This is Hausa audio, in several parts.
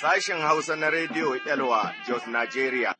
Sashen Hausa na Rediyo Elwa Jos Nigeria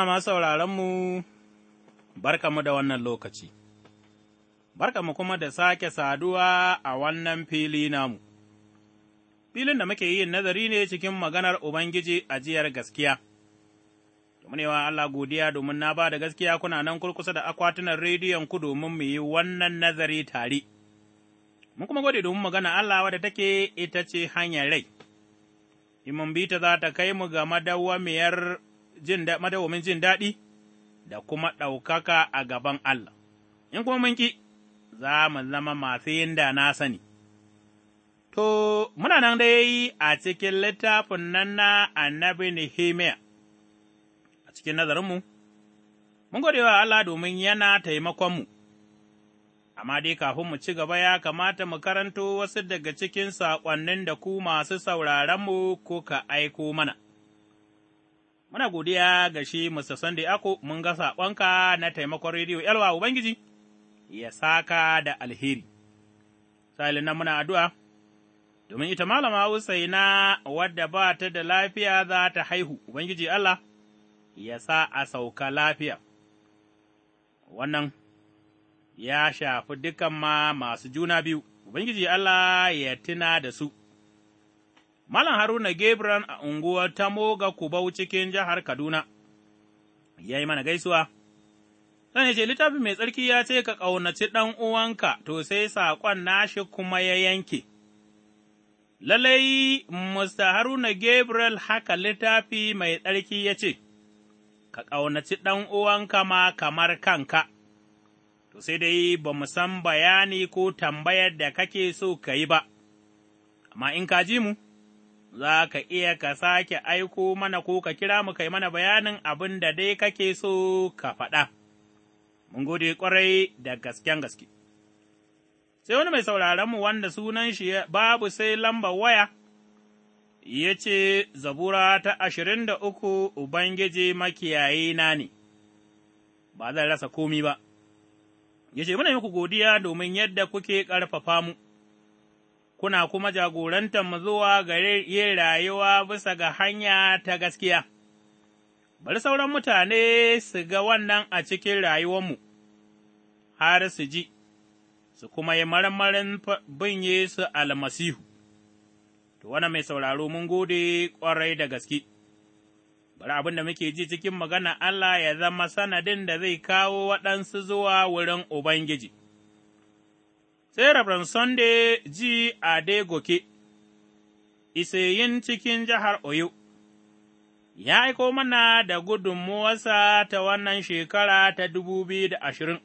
Jama'a masu sauraronmu, barka mu da wannan lokaci, barka mu kuma da sake saduwa a wannan fili namu, filin da muke yin nazari ne cikin maganar Ubangiji ajiyar gaskiya. yawa Allah godiya domin na ba da gaskiya kuna nan kurkusa da akwatunan rediyon ku domin mu yi wannan nazari tare. Mun kuma gode domin magana Allah wadda take ita ce hanyar rai, imam bita bi za ta kai mu ga madawwamiyar madawamin jin daɗi da kuma ɗaukaka a gaban Allah, in kuma mun ƙi, za mu zama masu yin da na sani. To, muna nan dai a cikin littafin nan na annabi Nehemiya, a cikin nazarinmu, mun gode wa Allah domin yana taimakonmu, amma dai kafin mu ci gaba ya kamata mu karanto wasu daga cikin saƙonnin da ku masu sauraronmu ka aiko mana. Muna godiya ga shi Mr. Sunday Ako, mun ga saƙonka na taimakon rediyo yalwa Ubangiji, ya saka da alheri. Sa'ilin nan muna addu'a, domin ita malama Usaina wadda ba ta da lafiya za ta haihu, Ubangiji Allah, ya sa a sauka lafiya. Wannan ya shafi dukan ma masu juna biyu, Ubangiji Allah ya tuna da su. Malam Haruna Gebran a unguwa unguwar Tamoga Kubau cikin jihar Kaduna, ya yi mana gaisuwa. Zan ce, littafi mai tsarki ya ce ka ƙaunaci ɗan uwanka, to sai saƙon nashi kuma ya yanke. Lallai, Mr. Haruna Gabriel haka littafi mai tsarki ya ce, Ka ƙaunaci ɗan uwanka ma kamar kanka, to sai dai ba mu san bayani ko tambayar da kake so ka yi ba, amma in ka ji mu. za ka iya ka sake aiko mana ko ka kira mu kai mana bayanin abin da dai kake so ka faɗa. Mun gode ƙwarai da gasken gaske. Sai wani mai mu wanda sunan shi babu sai lambar waya, ya ce, Zabura ta ashirin da uku Ubangiji makiyayi na ne, ba zan rasa komi ba. Ya ce, Muna muku godiya domin yadda kuke ƙarfafa mu. kuna kuma jagorantar mu zuwa gare yin rayuwa bisa ga hanya ta gaskiya. Bari sauran mutane su ga wannan a cikin rayuwarmu, har su ji, su kuma yi marmarin bin Yesu almasihu. To, wani mai sauraro mun gode ƙwarai da gaske. bari abin da muke ji cikin magana Allah ya zama sanadin da zai kawo waɗansu zuwa wurin Ubangiji, sai Rabran Sunday ji goke. isayin cikin jihar Oyo, ya aiko mana da gudunmuwarsa ta wannan shekara ta dubu biyu da ashirin,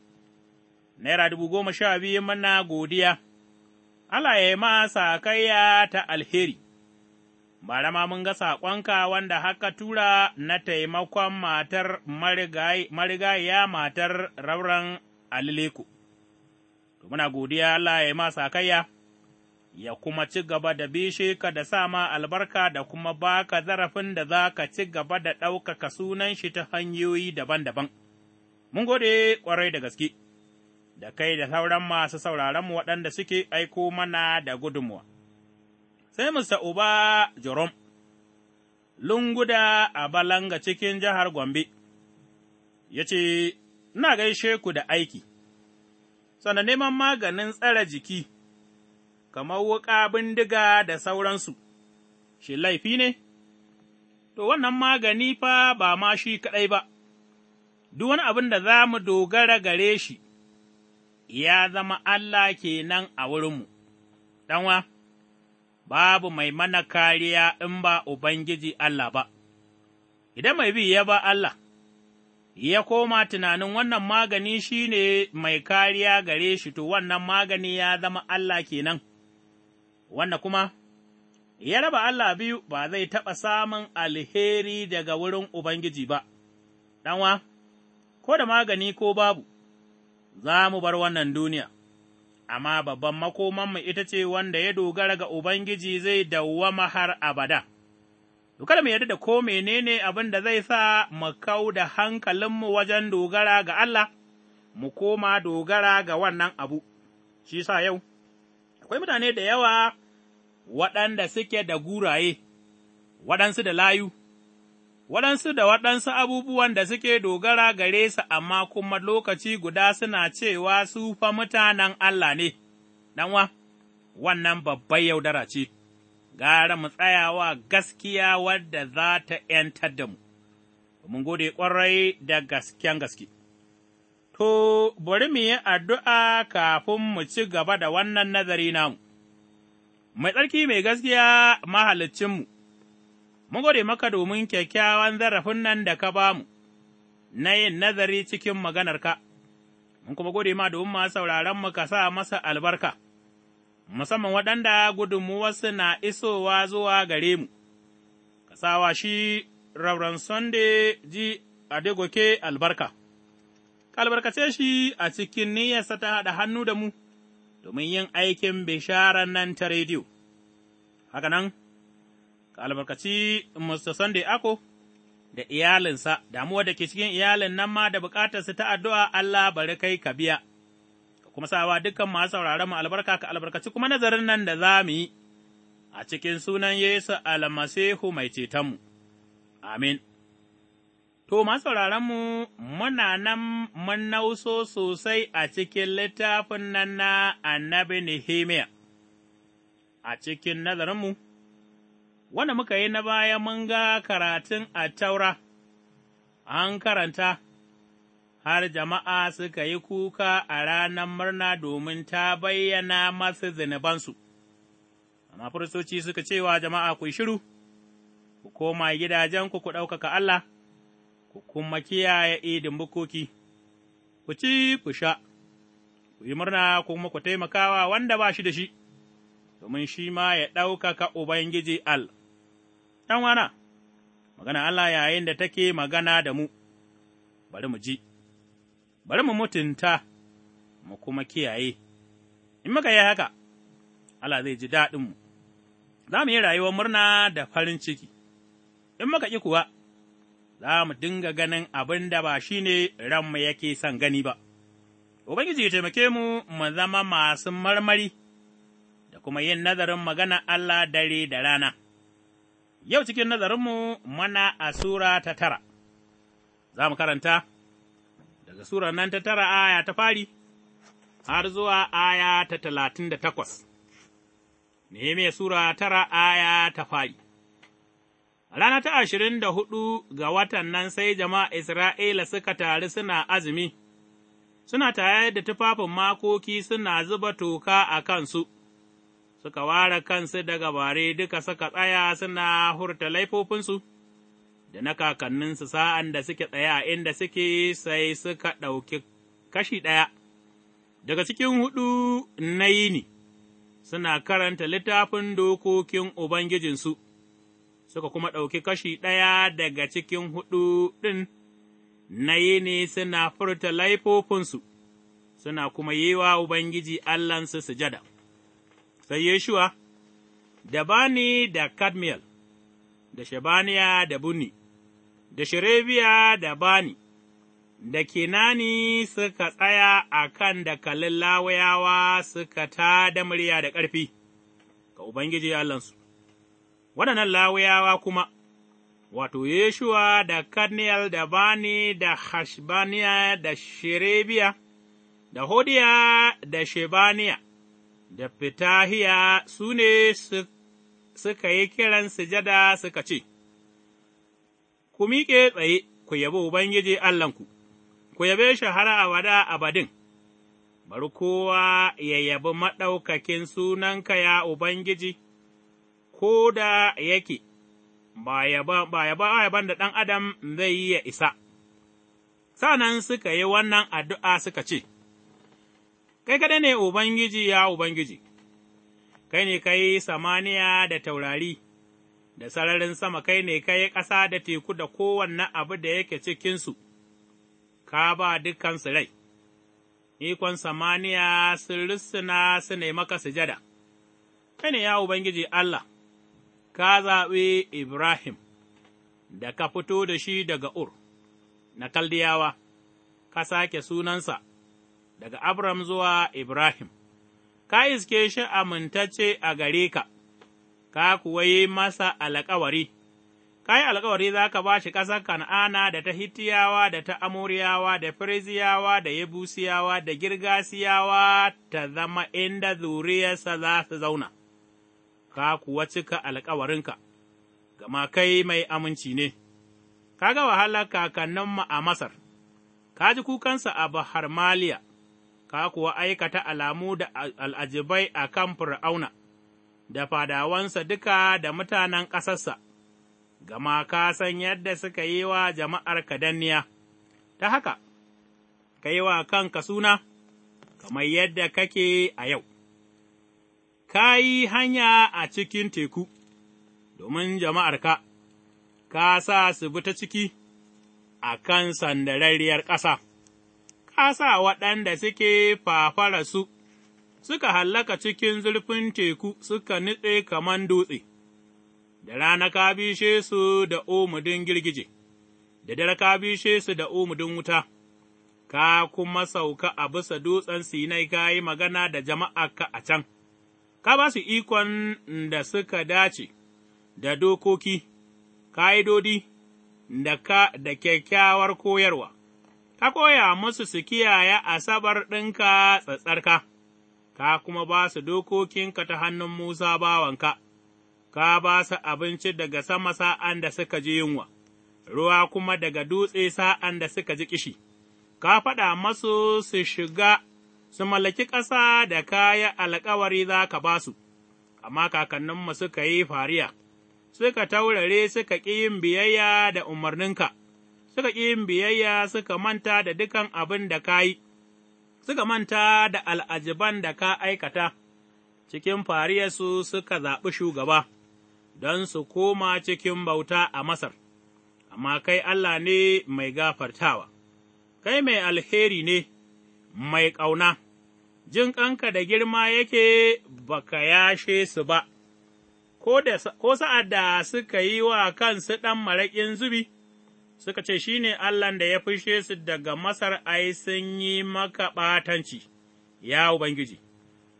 Naira dubu goma sha biyu mana godiya, Allah ya yi masa kaiya ta alheri. bara ma mun ga saƙonka wanda haka tura na taimakon matar marigaya matar rauran alileku. muna godiya Allah ya masa sakayya, ya kuma ci gaba da bishe ka da sama albarka da kuma baka zarafin da za ka ci gaba da ɗaukaka sunan shi ta hanyoyi daban-daban. Mun gode ƙwarai da gaske, da kai da sauran masu sauraronmu waɗanda suke aiko mana da gudunmuwa. Sai Mista Uba Jerome, lunguda a Balanga cikin jihar Gombe, ya ce, Ina gaishe ku da aiki. Sana neman maganin tsara jiki, kamar wuƙa bindiga da sauransu, shi laifi ne? To, wannan magani fa ba ma shi kaɗai ba, duk wani abin da za mu dogara gare shi, ya zama Allah kenan a wurinmu, ɗanwa, babu mai mana kariya in ba Ubangiji Allah ba, idan mai bi ya ba Allah. ya koma tunanin wannan magani shi ne mai kariya gare shi, to wannan magani ya zama Allah kenan, wanda kuma ya raba Allah biyu ba zai taɓa samun alheri daga wurin Ubangiji ba, ɗanwa, ko da magani ko babu, za mu bar wannan duniya, amma babban makomanmu ita ce wanda ya dogara ga Ubangiji zai dawwama har abada. Kada mu yarda da ko menene abin da zai sa mu kau da hankalinmu wajen dogara ga Allah, mu koma dogara ga wannan abu, shi sa yau, akwai mutane da yawa waɗanda suke da guraye, waɗansu da layu, waɗansu da waɗansu abubuwan da suke dogara gare su amma kuma lokaci guda suna cewa su fa mutanen Allah ne, ɗanwa, wannan babbar yaudara ce. gara mu tsayawa gaskiya wadda za ta ’yantar da mu, mun gode ƙwarai da gasken gaske. To, bari mu yi addu'a kafin mu ci gaba da wannan nazari namu, mai tsarki mai gaskiya mahalicinmu, Mu gode maka domin kyakkyawan zarafin nan da ka bamu, na yin nazari cikin maganarka, mun kuma gode ma domin masu sauraron mu ka sa masa albarka. musamman waɗanda gudunmuwarsu na isowa zuwa gare mu, kasawa shi Rabran Sunday ji Adegoke albarka, Ka albarkace shi a cikin niyyarsa ta haɗa hannu da mu, domin yin aikin bisharan nan ta rediyo. Haka nan, albarkaci Mr. Sunday Ako da iyalinsa, damuwa da ke cikin iyalin nan ma da bukatarsa ta addu'a Allah bari kai ka biya. kuma sawa dukan masu sauraron mu albarka ka albarkaci kuma nazarin nan da za mu yi a cikin sunan Yesu almasihu mai cetonmu. Amin. To, masu mu muna nan mun nauso sosai a cikin littafin nan na annabi Nehemiya, a cikin nazarinmu, wanda muka yi na baya mun ga karatun a taura, an karanta. har jama'a suka yi kuka a ranar murna domin ta bayyana masu zunubansu, amma firistoci suka cewa jama'a ku shiru, ku koma gidajenku ku ɗaukaka Allah, ku kuma kiyaye idin bukoki, ku ci ku sha, ku yi murna kuma ku taimakawa wanda ba shi da shi, domin shi ma ya ɗaukaka Ubangiji Al. ’Yan wana, magana Allah yayin da take magana da mu, bari mu ji. bari mu mutunta mu kuma kiyaye, in muka yi haka, Allah zai ji daɗinmu, za mu yi rayuwar murna da farin ciki, in muka ƙi kuwa, za mu dinga ganin abin da ba shi ne ranmu yake son gani ba. Ubangiji ya taimake mu mu zama masu marmari da kuma yin nazarin magana Allah dare da rana. Yau cikin nazarinmu mana a Sura ta tara, za mu karanta. daga Sura nan ta tara aya ta fari har zuwa aya ta talatin da takwas, neme Sura tara aya ta fari. Rana ta ashirin da hudu ga watan nan sai jama'a Isra'ila suka taru suna azumi, suna tare da tufafin makoki suna zuba toka a kansu. suka ware kansu daga bare duka suka tsaya suna hurta laifofinsu, da na kakanninsu sa'an da suke tsaye a inda suke sai suka ɗauki kashi ɗaya, daga cikin huɗu na yi ne suna karanta littafin dokokin Ubangijinsu, suka kuma ɗauki kashi ɗaya daga cikin huɗu ɗin na yi ne suna furta laifofinsu, suna kuma yi wa Ubangiji Allahnsu sujada. Sai Yeshua, da Bani da Kadmiel, da Shabaniya da buni da Sherebiya da Bani, da Kinani suka tsaya a kan dakalin Lawayawa suka ta da murya da ƙarfi ga Ubangiji Allahnsu, waɗannan Lawayawa kuma, wato Yeshuwa da Karniyal da Bani da Hashbaniya da Sherebiya, da Hodiya da Shebaniya, da Fitahiya su ne suka yi kiran sujada suka ce, ku miƙe tsaye, ku yabi Ubangiji Allahnku, ku yabe shi har abada abadin, bari kowa ya yabi maɗaukakin sunanka ya Ubangiji, ko da yake, ba yaban da ɗan Adam zai yi ya isa. Sa'an suka yi wannan addu'a suka ce, Kai kaɗai ne Ubangiji ya Ubangiji, kai ne kai samaniya da taurari. da sararin sama kai ne ka yi ƙasa da teku da kowanne abu da yake cikinsu, ka ba dukansu rai, ikon samaniya sun rissuna su nemi maka sujada, kai ne ya Ubangiji Allah, ka zaɓi Ibrahim, da ka fito da shi daga Ur, na Kaldiyawa, ka sake sunansa daga Abram zuwa Ibrahim, ka iske shi amintacce a gare ka. ka kuwa yi masa alkawari, ka yi alkawari za ka ba shi ƙasar Kan'ana da ta hitiyawa, da ta Amuriyawa, da Ferizziyawa da Yebusiyawa da Girgasiyawa ta zama inda zuriyarsa za su zauna, ka kuwa cika alkawarinka, gama kai mai aminci ne, ka ga wahalar kakanninmu a Masar, ka ji kukansa a Baharmaliya, ka kuwa aikata alamu da al'ajibai a kan Fir'auna. da fadawansa duka da mutanen ƙasarsa, gama ka san yadda suka yi wa jama'ar danniya, ta haka, ka yi wa kanka suna, kamar yadda kake a yau. Ka yi hanya a cikin teku, domin jama'arka, ka sa su bi ta ciki a kan sandararriyar ƙasa, ka sa waɗanda suke fafara su. suka hallaka cikin zurfin teku suka nitse kaman dutse, da rana ka bishe su da umudin girgije, da dare ka bishe su da umudin wuta, ka kuma sauka a bisa dutsen Sinai ka yi magana da jama'a ka a can, ka ba su ikon da suka dace da dokoki, ka'idodi da, ka, da kyakkyawar koyarwa, ka koya musu su kiyaye asabar ɗinka tsatsarka. ka kuma ba su dokokinka ta hannun Musa bawanka, ka ba su abinci daga sama sa'an da suka ji yunwa, ruwa kuma daga dutse sa'an da suka ji ƙishi, ka faɗa masu su shiga su mallaki ƙasa da kaya alkawari za ka ba su, amma kakanninmu suka yi fariya, suka taurare suka ƙi yin biyayya da umarninka, suka ƙi yin biyayya suka manta da dukan abin da ka yi. suka manta da al'ajiban da ka aikata, cikin fariyarsu suka zaɓi shugaba, don su koma cikin bauta a Masar, amma kai Allah ne mai gafartawa, kai mai alheri ne, mai ƙauna, jin ƙanka da girma yake baka yashe su ba, ko sa'ad da suka yi wa kansu ɗan maraƙin zubi. suka ce shi ne Allah da ya fushe su daga Masar ai sun yi maka ɓatanci, ya Ubangiji,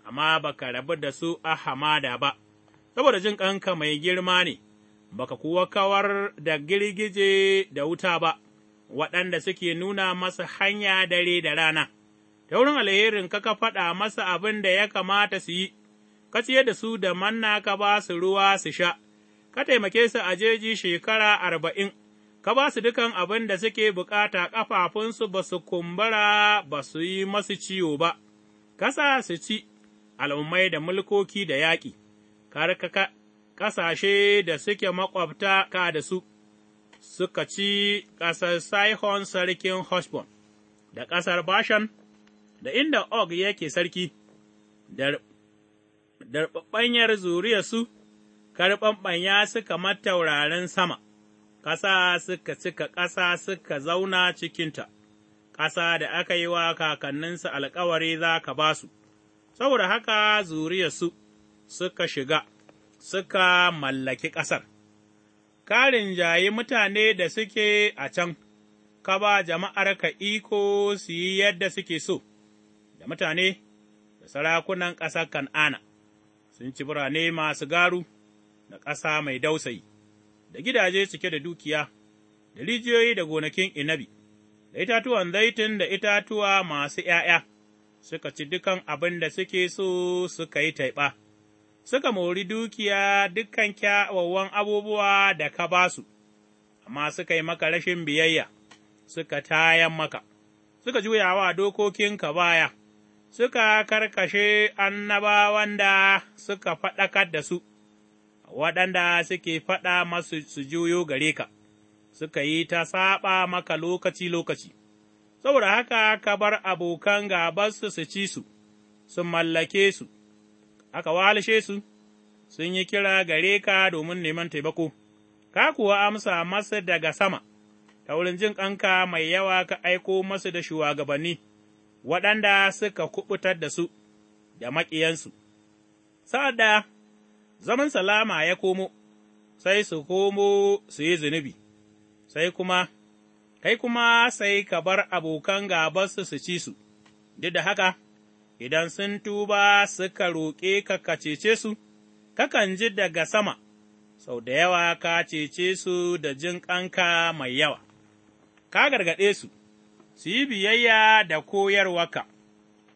amma baka rabu da su a hamada ba, saboda jin ƙanka mai girma ne, baka kuwa kawar da girgije da wuta ba, waɗanda suke nuna masa hanya dare da rana. Ta wurin alherin ka ka faɗa masa abin da ya kamata su yi, ka ciye da su da manna ka ba su ruwa su sha, ka taimake su a jeji shekara arba'in. ka ba su dukan abin da suke bukata ƙafafunsu ba su kumbura ba su yi masu ciwo ba, kasa su ci al'ummai da mulkoki da yaƙi, karka ƙasashe da suke maƙwabta ka da su, suka ci ƙasar Sihon sarkin Hushbon, da ƙasar Bashan, da inda Og yake sarki, da zuriya zuriyarsu, karɓaɓɓanya suka mataurarin sama. ƙasa suka cika ƙasa suka zauna cikinta, ƙasa da aka yi wa kakanninsu alkawari za ka ba su, saboda haka zuriyarsu suka shiga, suka mallaki ƙasar. Karin jayi mutane da suke a can, ka ba jama'arka iko su yi yadda suke so, da mutane da sarakunan ƙasar Kan'ana, sun ci birane masu garu da ƙasa mai dausayi. da gidaje cike da dukiya, da rijiyoyi da gonakin inabi, da itatuwan zaitun da itatuwa masu ’ya'ya, suka ci dukan abin da suke so suka yi taiɓa, suka mori dukiya dukan kyawawan abubuwa da ka ba su, amma suka yi maka rashin biyayya, suka tayan maka, suka juya wa dokokinka baya, suka karkashe annabawan da suka faɗakar da su. waɗanda suke faɗa masu su juyo gare ka, suka yi ta saɓa maka lokaci-lokaci, saboda haka ka bar abokan gabansu su ci su, su mallake su, aka walishe su, sun yi kira gare ka domin neman taimako, ka kuwa amsa masu daga sama, ta wurin jin ƙanka mai yawa ka aiko masu da shugabanni, waɗanda suka kuɓutar da su, da maƙiyansu. Sa'ad da zaman salama ya komo, sai su komo su yi zunubi, sai kuma, kai kuma sai ka bar abokan gabansu su ci su, duk da haka, idan sun tuba suka roƙe ka ka cece su, kakan ji daga sama, sau da yawa ka cece su da jin ƙanka mai yawa, ka gargaɗe su, su yi biyayya da koyarwaka,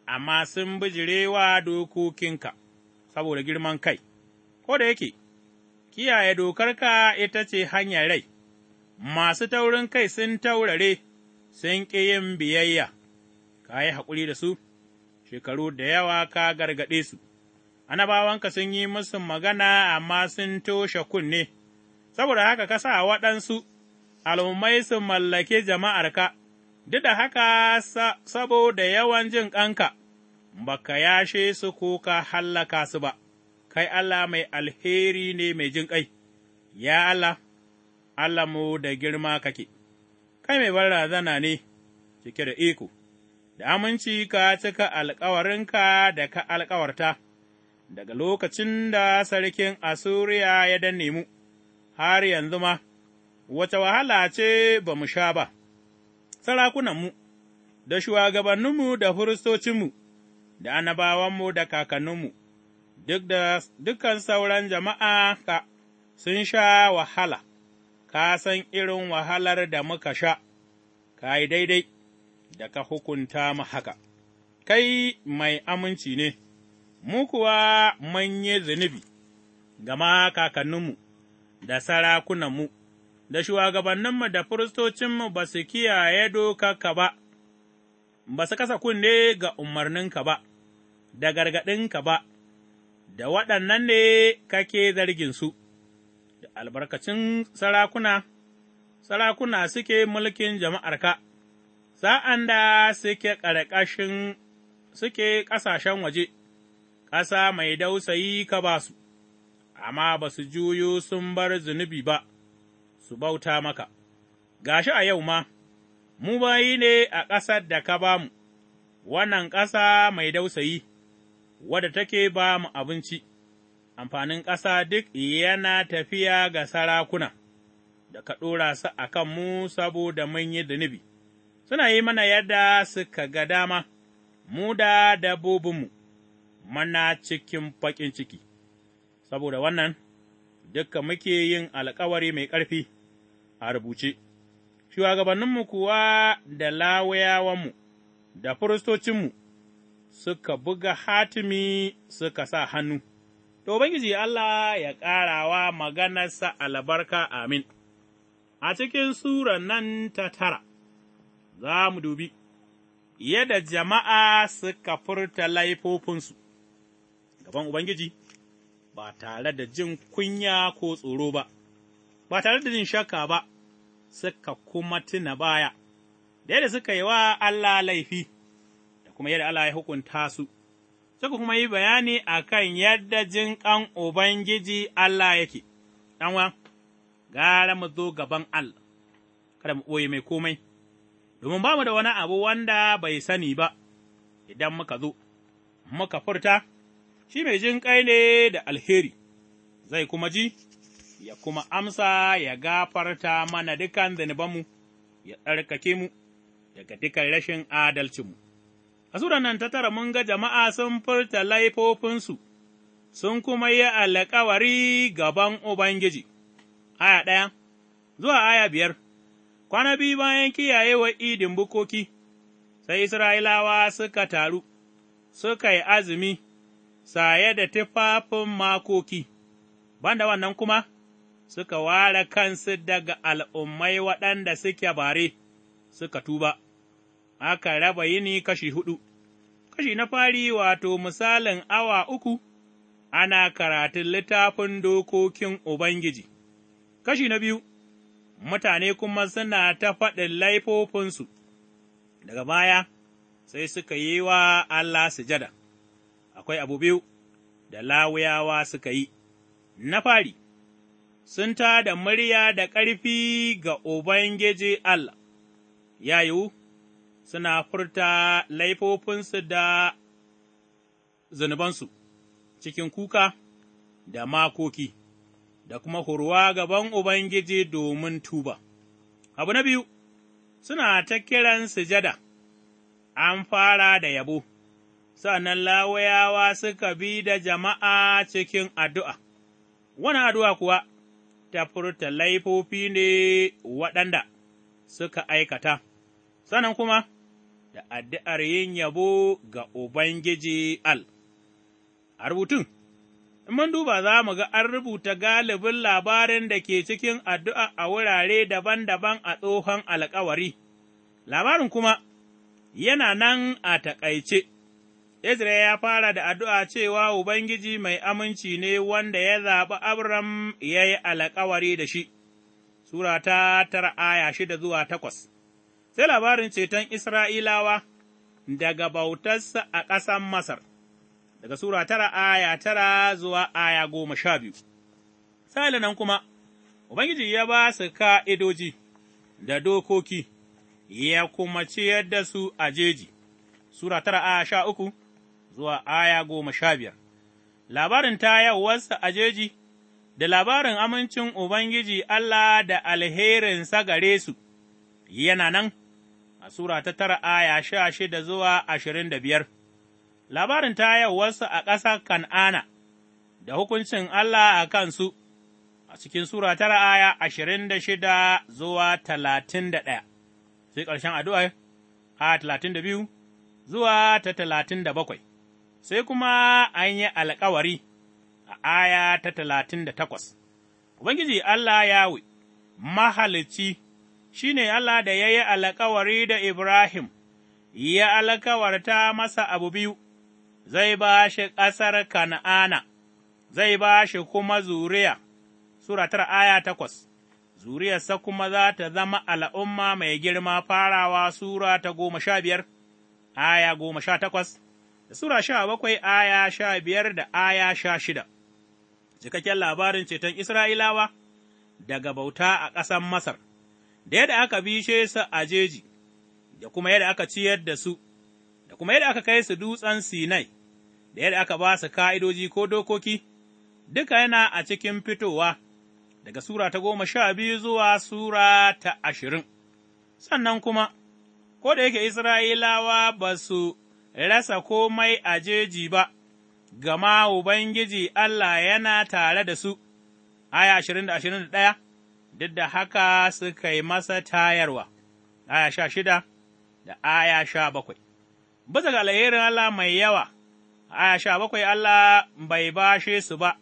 amma sun bijirewa dokokinka saboda girman kai. ko da yake, kiyaye dokarka ita ce hanyar rai, masu taurin kai sun taurare, sun ƙi yin biyayya, ka yi haƙuri da su, shekaru da yawa ka gargaɗe su, annabawanka sun yi musu magana amma sun toshe kunne, saboda haka ka sa waɗansu al'ummai su mallake jama'arka, duk da haka saboda yawan jin ƙanka, ka yashe su ko ka hallaka su ba. kai Allah mai alheri ne mai jin ƙai, ya Allah, Allah mu da girma kake, kai mai barazana ne cike da iko, da aminci ka cika alkawarinka da ka alkawarta, daga lokacin da sarkin Asuriya ya danne mu, har yanzu ma, wata wahala ce ba mu sha ba, sarakunanmu, da shugabanninmu da firistocinmu, da annabawanmu da kakanninmu. duk da dukan sauran jama'a ka sun sha wahala, ka san irin wahalar da muka sha, ka yi daidai da ka hukunta mu haka, kai mai aminci ne, mu kuwa manye zunubi, gama kakanninmu da sarakunanmu. da shugabanninmu da firistocinmu ba su kiyaye dokarka ba, ba su kasa kunne ga umarninka ba, da gargaɗinka ba, da waɗannan ne kake zargin su? da albarkacin sarakuna, sarakuna suke mulkin jama'arka, sa'an da suke ƙarƙashin suke ƙasashen waje, ƙasa mai dausayi ka ba su, amma ba su juyo sun bar zunubi ba, su bauta maka, gashi a yau ma, mu bayi ne a ƙasar da ka ba mu, wannan ƙasa mai dausayi. wadda take ba mu abinci, amfanin ƙasa duk yana tafiya ga sarakuna, da ka ɗora su a kan mu saboda mun yi zunubi, suna yi mana yadda suka ga dama, mu da dabbobinmu, mana cikin baƙin ciki, saboda wannan, dukka muke yin alkawari mai ƙarfi a rubuce, shugabanninmu kuwa da lawayawanmu, da firistocinmu, suka buga hatimi suka sa hannu. To, Ubangiji Allah ya ƙarawa maganarsa albarka amin. A cikin Sura nan ta tara, za mu dubi, yadda jama'a suka furta laifofinsu gaban Ubangiji ba tare da jin kunya ko tsoro ba, ba tare da jin shakka ba, suka kuma tuna baya, da yadda suka yi wa Allah laifi. kuma yadda Allah ya hukunta su. Suka kuma yi bayani a kan yadda jinƙan Ubangiji Allah yake, ɗanwa, gara mu zo gaban Allah, kada mu ɓoye mai komai, domin ba mu da wani abu wanda bai sani ba, idan muka zo, muka furta, shi mai jinƙai ne da alheri, zai kuma ji, ya kuma amsa ya gafarta mana dukan zunubanmu, ya tsarkake mu daga dukan rashin adalcinmu. A Sura nan ta tara mun ga jama'a sun furta laifofinsu, sun kuma yi alkawari gaban Ubangiji, aya ɗaya, zuwa aya biyar, kwana biyu bayan kiyayewa idin bukoki, sai Isra'ilawa suka taru, suka yi azumi, saye da tufafin makoki, banda wannan kuma, suka ware kansu daga al'ummai waɗanda suke bare, suka tuba. aka raba yini kashi hudu. kashi na fari wato misalin awa uku, ana karatun littafin dokokin Ubangiji, kashi na biyu, mutane kuma suna ta faɗin laifofinsu, daga baya sai suka yi wa Allah sujada, akwai abu biyu da lawuyawa suka yi, na fari. sun tā da murya da ƙarfi ga Ubangiji Allah, ya yiwu, suna furta laifofinsu da zunubansu cikin kuka da makoki, da kuma hurwa gaban Ubangiji domin tuba. Abu na biyu, suna ta kiran sujada, an fara da yabo, Sannan lawayawa suka bi da jama'a cikin addu'a, wani addu'a kuwa ta furta laifofi ne waɗanda suka aikata, sannan kuma da addu'ar yin yabo ga Ubangiji Al. A rubutun, in mun duba za mu ga an rubuta galibin labarin da ke cikin addu'a a wurare daban-daban a tsohon alkawari, labarin kuma yana nan a taƙaice. Ezra ya fara da addu'a cewa Ubangiji mai aminci ne wanda ya zaɓi Abram ya yi alkawari da shi, Sura ta tara aya shida zuwa takwas. sai labarin ceton Isra'ilawa daga bautarsa a ƙasan Masar, daga Sura tara aya tara zuwa aya goma sha biyu. Sa'ilin nan kuma, Ubangiji ya ba su ka'idoji da dokoki, ya kuma ciyar da su a jeji, Sura tara aya sha uku zuwa aya goma sha biyar. Labarin tayawarsa a jeji da labarin amincin Ubangiji Allah da alherinsa gare su, yana nan a Sura ta tara aya sha shida zuwa ashirin da biyar, labarin tayarwarsu a ƙasar Kan'ana da hukuncin Allah a kansu a cikin Sura tara aya ashirin da shida zuwa talatin da ɗaya, sai ƙarshen addu'ar a talatin da biyu zuwa ta talatin da bakwai, sai kuma an yi alkawari a aya ta talatin da takwas. Ubangiji Allah yawe, mahalicci. shi ne Allah da ya yi alkawari da Ibrahim, ya alkawarta masa abu biyu, zai ba shi ƙasar Kana'ana, zai ba shi kuma zuriya, Sura tara aya takwas, zuriyarsa kuma za ta zama al'umma mai girma farawa Sura ta goma sha biyar, aya goma sha takwas, da Sura sha bakwai aya sha biyar da aya sha shida. Cikakken labarin ceton Isra'ilawa daga bauta a ƙasar Masar. da yadda aka bishe su a jeji, da kuma yadda aka ciyar da su, da kuma yadda aka kai su dutsen Sinai, da yadda aka ba su ka'idoji ko dokoki, duka yana a cikin fitowa daga Sura ta goma sha biyu zuwa Sura ta ashirin. Sannan kuma, ko da yake Isra'ilawa ba su rasa komai a jeji ba, gama Ubangiji Allah yana tare da su, aya ashirin da ashirin da ɗaya. duk da haka suka yi masa tayarwa, aya sha shida da aya sha bakwai. Bisa ga alherin Allah mai yawa, aya sha bakwai Allah bai bashe su ba,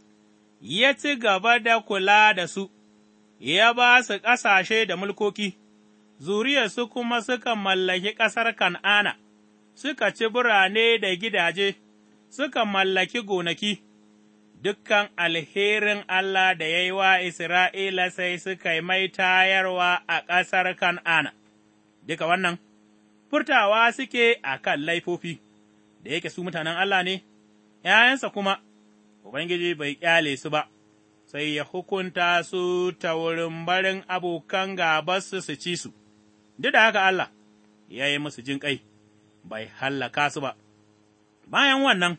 ya ci gaba da kula da su, ya ba su ƙasashe da mulkoki, su kuma suka mallaki ƙasar Kan'ana, suka ci birane da gidaje, suka mallaki gonaki. dukkan alherin Allah da ya yi wa Isra'ila sai suka yi mai tayarwa a ƙasar Kan'ana, duka wannan furtawa suke a kan laifofi, da yake su mutanen Allah ne, ’ya'yansa kuma, Ubangiji bai ƙyale su ba, sai ya hukunta su ta wurin barin abokan gabansu su ci su, duk da haka Allah ya yi musu jinƙai, bai hallaka su ba. Bayan wannan,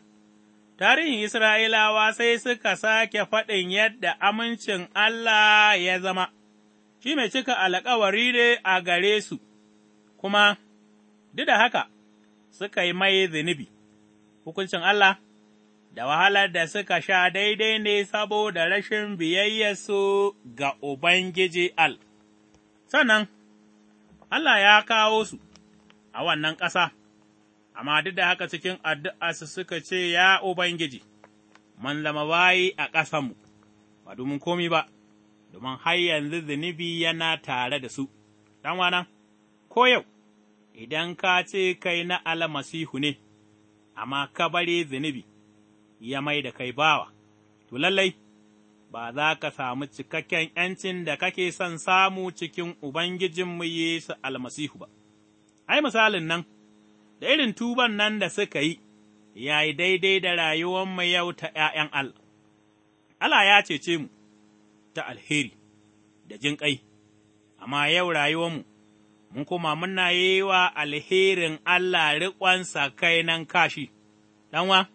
tarihin Isra'ilawa sai suka sake faɗin yadda amincin Allah ya zama, shi mai cika alkawari ne a gare su, kuma duk da haka suka yi mai zunubi, hukuncin Allah da wahalar da suka sha daidai ne saboda rashin biyayyarsu ga Ubangiji Al. Sannan, Allah ya kawo su a wannan ƙasa. amma duk da haka cikin su suka ce, Ya Ubangiji, man zama bayi a ƙasanmu, ba domin komi ba, domin har yanzu zunubi yana tare da su, ɗanwana, ko yau, idan ka ce kai na almasihu ne, amma ka bare zunubi ya mai da kai bawa, to lallai, ba za ka samu cikakken ’yancin da kake son samu cikin Ubangijinmu Yesu almasihu ba. Ai, misalin nan. da irin tuban nan da suka yi, ya yi daidai da rayuwarmu yau ta ’ya'yan Allah. Allah ya cece mu ta alheri da jin ƙai, amma yau mu, mun kuma muna yi wa alherin Allah riƙonsa kai nan kashi, ɗanwa,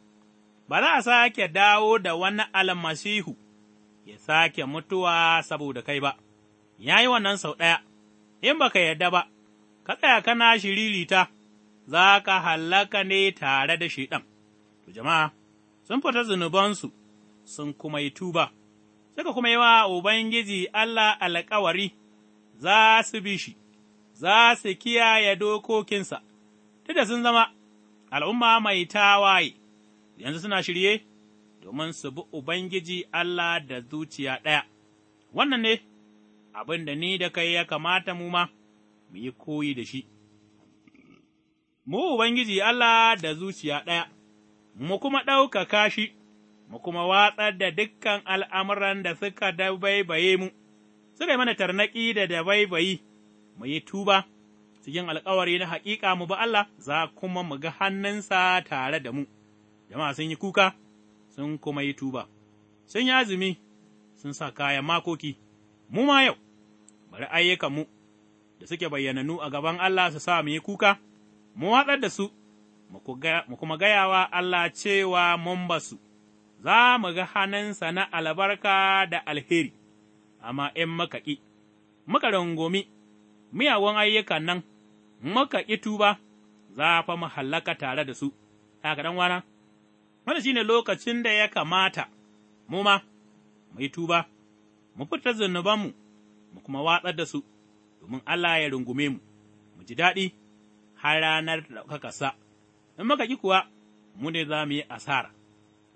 ba za a sake dawo da wani almasihu ya sake mutuwa saboda kai ba, ya yi wannan sau ɗaya, in ka yarda ba, ka tsaya kana shiririta. za ka hallaka ne tare da shiɗan To, jama'a, sun fita zunubansu, sun kuma yi tuba, suka kuma yi wa Ubangiji Allah alkawari, za su bi shi, za su kiyaye dokokinsa, da sun zama al'umma mai tawaye, yanzu suna shirye domin su bi Ubangiji Allah da zuciya ɗaya. Wannan ne abin da ni da kai ya kamata mu ma mu yi koyi da shi. mu Ubangiji Allah da zuciya ɗaya, mu kuma ɗaukaka shi, mu kuma watsar da dukkan al'amuran da suka dabaibaye mu, suka yi mana tarnaƙi da dabaibayi, mu yi tuba cikin alkawari na haƙiƙa mu ba Allah, za kuma mu ga hannunsa tare da mu, jama'a sun yi kuka, sun kuma yi tuba, sun yi azumi, sun sa kayan makoki, mu ma yau, bari ayyukanmu da suke bayyananu a gaban Allah su sa mu yi kuka. mu watsar da su, mu kuma gaya wa Allah cewa mun basu, za mu ga hannunsa na albarka da alheri, amma in muka ƙi, muka rungumi miyagun ayyukan nan, muka ƙi tuba, za fa mu hallaka tare da su, haka ɗan wana, wani shi ne lokacin da ya kamata, mu ma, mu yi tuba, mu fita zunubanmu, mu kuma watsar da su, domin Allah ya rungume mu, mu ji daɗi. har ranar ɗaukakarsa, in muka ƙi kuwa, mu ne za mu yi asara,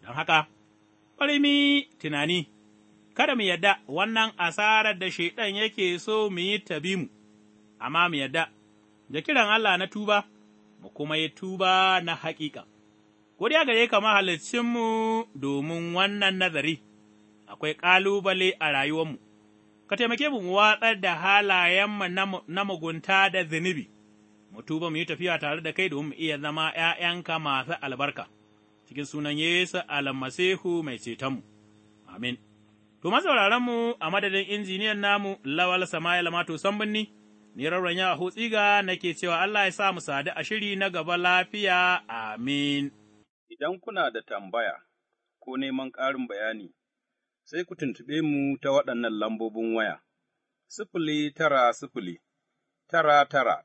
don haka, bari mu tunani, kada mu yadda wannan asarar da Shaiɗan yake so mu yi tabi mu, amma mu yadda, da kiran Allah na tuba, mu kuma yi tuba na haƙiƙa. Godiya gare ka mahalicinmu domin wannan nazari, akwai ƙalubale a rayuwarmu. ka taimake mu watsar da halayenmu na mugunta da zunubi, mu tuba mu yi tafiya tare da kai domin iya zama ’ya'yanka masu albarka, cikin sunan Yesu almasihu mai cetonmu. Amin. To, mu a madadin injiniyan namu, Lawal Sama'il Mato Sambunni, ni rarren ya na nake cewa Allah ya sa mu sadu a shiri na gaba lafiya. Amin. Idan kuna da tambaya ko neman ƙarin bayani, sai ku tuntuɓe mu ta waɗannan lambobin waya, sifili tara sifili, tara tara.